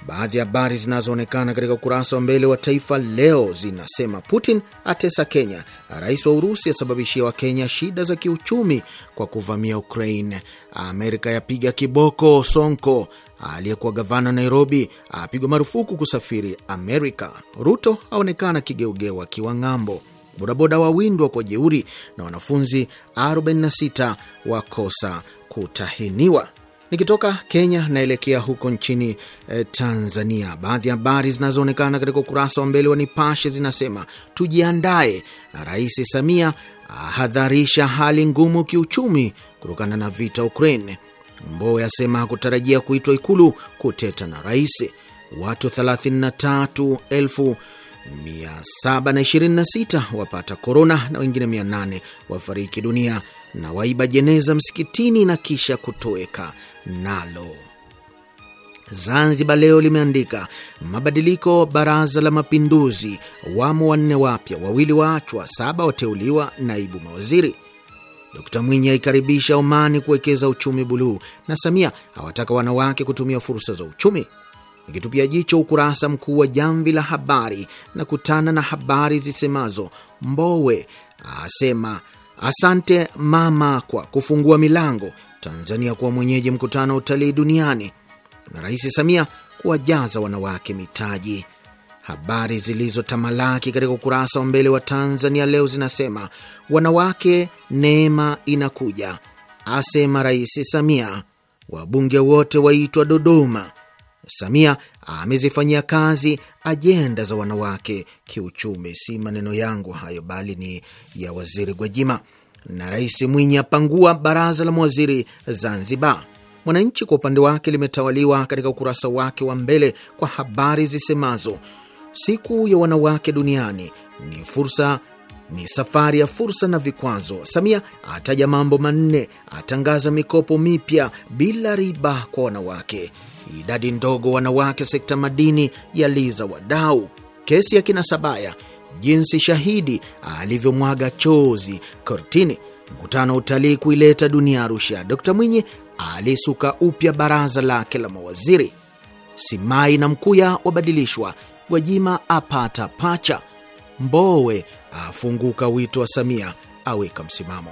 B: Baadhi ya habari zinazoonekana katika ukurasa wa mbele wa Taifa Leo zinasema Putin atesa Kenya, rais wa Urusi asababishia Wakenya shida za kiuchumi kwa kuvamia Ukraine, Amerika yapiga kiboko Sonko, aliyekuwa gavana Nairobi apigwa marufuku kusafiri Amerika. Ruto aonekana kigeugeu akiwa ng'ambo. Bodaboda wawindwa kwa jeuri na wanafunzi 46 wakosa kutahiniwa. Nikitoka Kenya naelekea huko nchini eh, Tanzania. Baadhi ya habari zinazoonekana katika ukurasa wa mbele wa Nipashe zinasema tujiandae, Rais Samia ahadharisha hali ngumu kiuchumi kutokana na vita Ukraine. Mbowe asema hakutarajia kuitwa Ikulu kuteta na rais. Watu 33,726 wapata korona na wengine 800 wafariki dunia, na waiba jeneza msikitini na kisha kutoweka nalo. Zanzibar Leo limeandika mabadiliko baraza la mapinduzi, wamo wanne wapya, wawili waachwa, saba wateuliwa naibu mawaziri Dkt Mwinyi aikaribisha Omani kuwekeza uchumi buluu, na Samia awataka wanawake kutumia fursa za uchumi. Nikitupia jicho ukurasa mkuu wa Jamvi la Habari na kutana na habari zisemazo Mbowe asema asante mama kwa kufungua milango, Tanzania kuwa mwenyeji mkutano wa utalii duniani, na Rais Samia kuwajaza wanawake mitaji. Habari zilizotamalaki katika ukurasa wa mbele wa Tanzania Leo zinasema wanawake neema inakuja, asema Rais Samia. Wabunge wote waitwa Dodoma. Samia amezifanyia kazi ajenda za wanawake kiuchumi. Si maneno yangu hayo, bali ni ya Waziri Gwajima. Na Rais Mwinyi apangua baraza la mawaziri Zanzibar. Mwananchi kwa upande wake limetawaliwa katika ukurasa wake wa mbele kwa habari zisemazo siku ya wanawake duniani ni fursa ni safari ya fursa na vikwazo. Samia ataja mambo manne, atangaza mikopo mipya bila riba kwa wanawake, idadi ndogo wanawake sekta madini ya liza wadau, kesi ya kina Sabaya, jinsi shahidi alivyomwaga chozi kortini, mkutano wa utalii kuileta dunia Arusha, Dkt Mwinyi alisuka upya baraza lake la mawaziri, Simai na Mkuya wabadilishwa Gwajima apata pacha, Mbowe afunguka wito wa Samia, aweka msimamo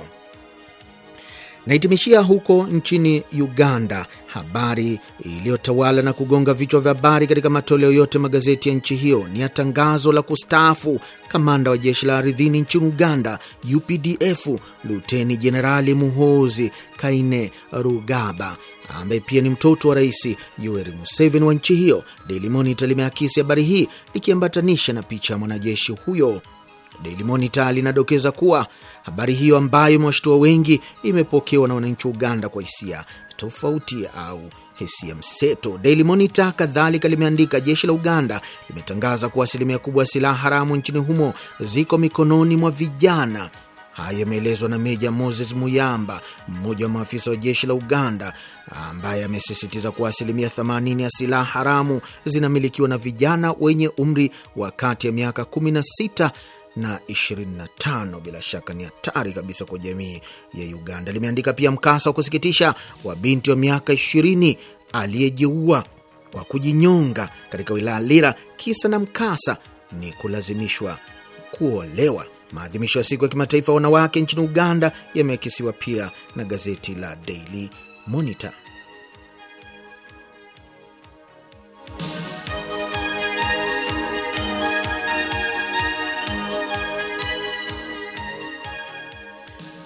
B: naitimishia huko nchini Uganda, habari iliyotawala na kugonga vichwa vya habari katika matoleo yote magazeti ya nchi hiyo ni ya tangazo la kustaafu kamanda wa jeshi la ardhini nchini Uganda, UPDF, Luteni Jenerali muhozi Kaine Rugaba, ambaye pia ni mtoto wa Rais Yoweri Museveni wa nchi hiyo. Daily Monitor limeakisi habari hii likiambatanisha na picha ya mwanajeshi huyo Daily Monitor linadokeza kuwa habari hiyo ambayo imewashtua wengi imepokewa na wananchi wa Uganda kwa hisia tofauti au hisia mseto. Daily Monitor kadhalika limeandika jeshi la Uganda limetangaza kuwa asilimia kubwa ya silaha haramu nchini humo ziko mikononi mwa vijana. Haya yameelezwa na Meja Moses Muyamba, mmoja wa maafisa wa jeshi la Uganda, ambaye amesisitiza kuwa asilimia 80 ya silaha haramu zinamilikiwa na vijana wenye umri wa kati ya miaka 16 na 25. Bila shaka ni hatari kabisa kwa jamii ya Uganda. Limeandika pia mkasa wa kusikitisha wa binti wa miaka 20 aliyejeua kwa kujinyonga katika wilaya Lira. Kisa na mkasa ni kulazimishwa kuolewa. Maadhimisho ya siku ya kimataifa ya wanawake nchini Uganda yameakisiwa pia na gazeti la Daily Monitor.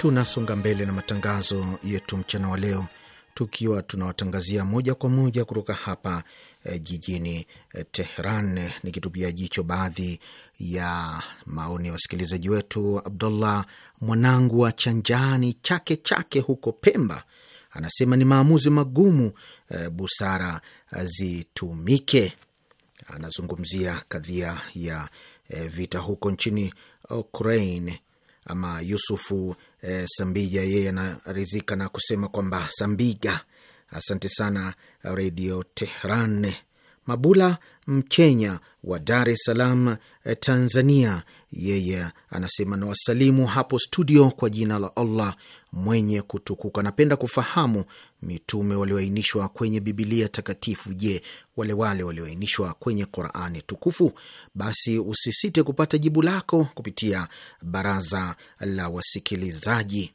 B: tunasonga mbele na matangazo yetu mchana wa leo tukiwa tunawatangazia moja kwa moja kutoka hapa eh, jijini eh, Tehran, nikitupia jicho baadhi ya maoni ya wasikilizaji wetu. Abdullah Mwanangu wa Chanjani Chake Chake huko Pemba anasema ni maamuzi magumu, eh, busara eh, zitumike. Anazungumzia kadhia ya eh, vita huko nchini Ukraine ama Yusufu e, Sambija, yeye anarizika na kusema kwamba Sambiga, asante sana Redio Tehran. Mabula Mkenya wa Dar es Salaam, eh, Tanzania. Yeye anasema na wasalimu hapo studio kwa jina la Allah mwenye kutukuka. Napenda kufahamu mitume walioainishwa kwenye Bibilia Takatifu, je, walewale walioainishwa kwenye Qurani Tukufu? Basi usisite kupata jibu lako kupitia baraza la wasikilizaji.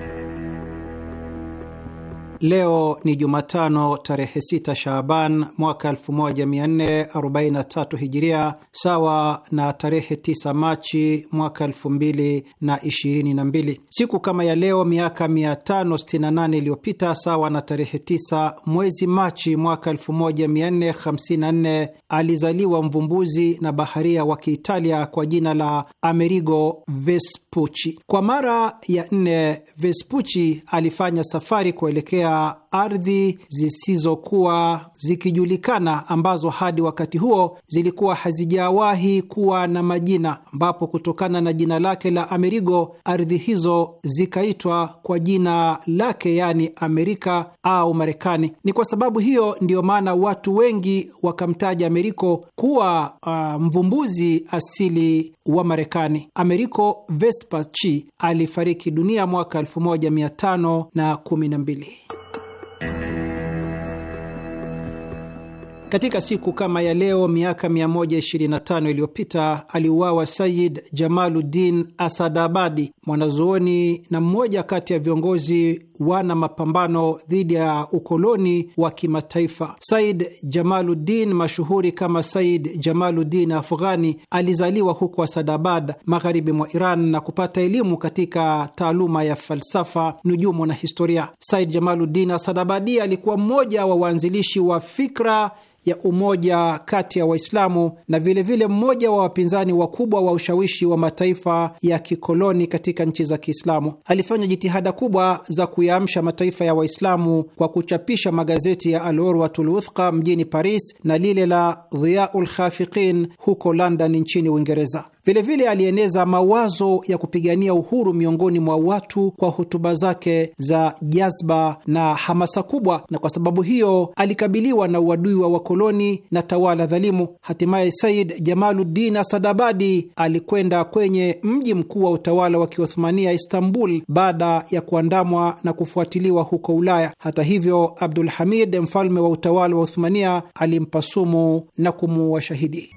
E: Leo ni Jumatano tarehe 6 Shaaban mwaka 1443 Hijiria, sawa na tarehe 9 Machi mwaka 2022. Siku kama ya leo miaka 568 iliyopita, sawa na tarehe 9 mwezi Machi mwaka 1454, alizaliwa mvumbuzi na baharia wa Kiitalia kwa jina la Amerigo Vespucci. Kwa mara ya nne, Vespucci alifanya safari kuelekea ardhi zisizokuwa zikijulikana ambazo hadi wakati huo zilikuwa hazijawahi kuwa na majina, ambapo kutokana na jina lake la Amerigo ardhi hizo zikaitwa kwa jina lake, yaani Amerika au Marekani. Ni kwa sababu hiyo ndiyo maana watu wengi wakamtaja Ameriko kuwa uh, mvumbuzi asili wa Marekani. Ameriko Vespucci alifariki dunia mwaka 1512. Katika siku kama ya leo miaka 125 iliyopita aliuawa Sayid Jamaluddin Asadabadi, mwanazuoni na mmoja kati ya viongozi wana mapambano dhidi ya ukoloni wa kimataifa. Said Jamaluddin, mashuhuri kama Said Jamaluddin Afghani, alizaliwa huko Asadabad, magharibi mwa Iran, na kupata elimu katika taaluma ya falsafa, nujumu na historia. Said Jamaluddin Asadabadi alikuwa mmoja wa waanzilishi wa fikra ya umoja kati ya Waislamu na vilevile vile mmoja wa wapinzani wakubwa wa ushawishi wa mataifa ya kikoloni katika nchi za Kiislamu. Alifanya jitihada kubwa za kuyaamsha mataifa ya Waislamu kwa kuchapisha magazeti ya Al Urwatul Wuthqa mjini Paris na lile la Dhiaul Khafiqin huko London nchini Uingereza. Vilevile alieneza mawazo ya kupigania uhuru miongoni mwa watu kwa hotuba zake za jazba na hamasa kubwa, na kwa sababu hiyo alikabiliwa na uadui wa wakoloni na tawala dhalimu. Hatimaye Said Jamaluddin Asadabadi alikwenda kwenye mji mkuu wa utawala wa Kiothmania, Istanbul, baada ya kuandamwa na kufuatiliwa huko Ulaya. Hata hivyo, Abdul Hamid, mfalme wa utawala wa Uthmania, alimpa sumu na kumuua shahidi.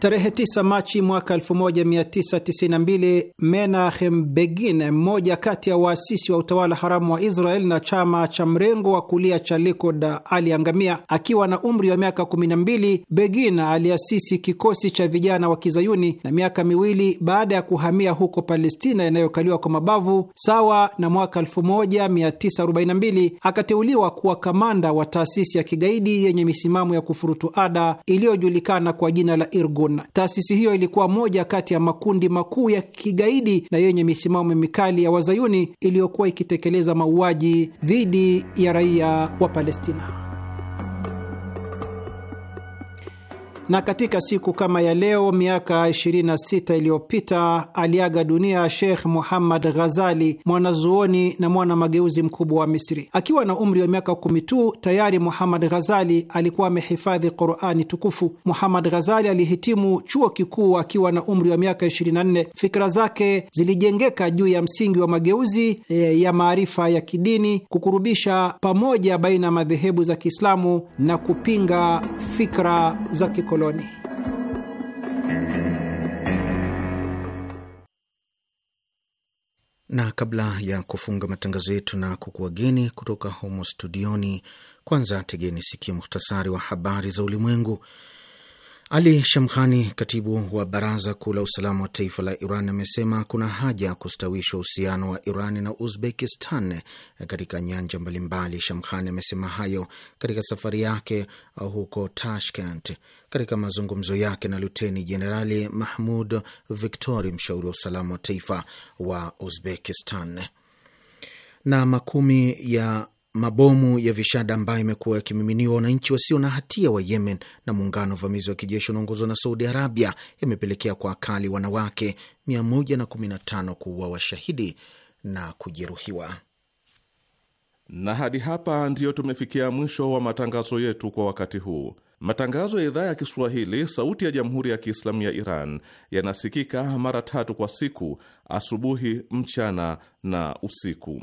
E: Tarehe 9 Machi mwaka 1992 Menachem Begin, mmoja kati ya waasisi wa utawala haramu wa Israel na chama cha mrengo wa kulia cha Likud, aliangamia akiwa na umri wa miaka 12. Begin aliasisi kikosi cha vijana wa Kizayuni, na miaka miwili baada ya kuhamia huko Palestina inayokaliwa kwa mabavu sawa na mwaka 1942, akateuliwa kuwa kamanda wa taasisi ya kigaidi yenye misimamo ya kufurutu ada iliyojulikana kwa jina la Irgun al Taasisi hiyo ilikuwa moja kati ya makundi makuu ya kigaidi na yenye misimamo mikali ya wazayuni iliyokuwa ikitekeleza mauaji dhidi ya raia wa Palestina. Na katika siku kama ya leo miaka 26 iliyopita aliaga dunia Sheikh Muhammad Ghazali, mwanazuoni na mwana mageuzi mkubwa wa Misri. Akiwa na umri wa miaka kumi tu, tayari Muhammad Ghazali alikuwa amehifadhi Qurani tukufu. Muhammad Ghazali alihitimu chuo kikuu akiwa na umri wa miaka 24. Fikra zake zilijengeka juu ya msingi wa mageuzi e, ya maarifa ya kidini, kukurubisha pamoja baina ya madhehebu za Kiislamu na kupinga fikra za kiko ukoloni.
B: Na kabla ya kufunga matangazo yetu na kukuwageni kutoka humo studioni, kwanza tegeni sikia muhtasari wa habari za ulimwengu. Ali Shamkhani, katibu wa baraza kuu la usalama wa taifa la Iran, amesema kuna haja ya kustawisha uhusiano wa Iran na Uzbekistan katika nyanja mbalimbali. Shamkhani amesema hayo katika safari yake huko Tashkent katika mazungumzo yake na luteni jenerali Mahmud Viktori, mshauri wa usalama wa taifa wa Uzbekistan. Na makumi ya Mabomu ya vishada ambayo imekuwa yakimiminiwa wananchi wasio na hatia wa Yemen na muungano wa uvamizi wa kijeshi unaongozwa na Saudi Arabia yamepelekea kwa akali wanawake 115 kuuawa washahidi
F: na kujeruhiwa. Na hadi hapa ndiyo tumefikia mwisho wa matangazo yetu kwa wakati huu. Matangazo ya idhaa ya Kiswahili sauti ya jamhuri ya Kiislamu ya Iran yanasikika mara tatu kwa siku: asubuhi, mchana na usiku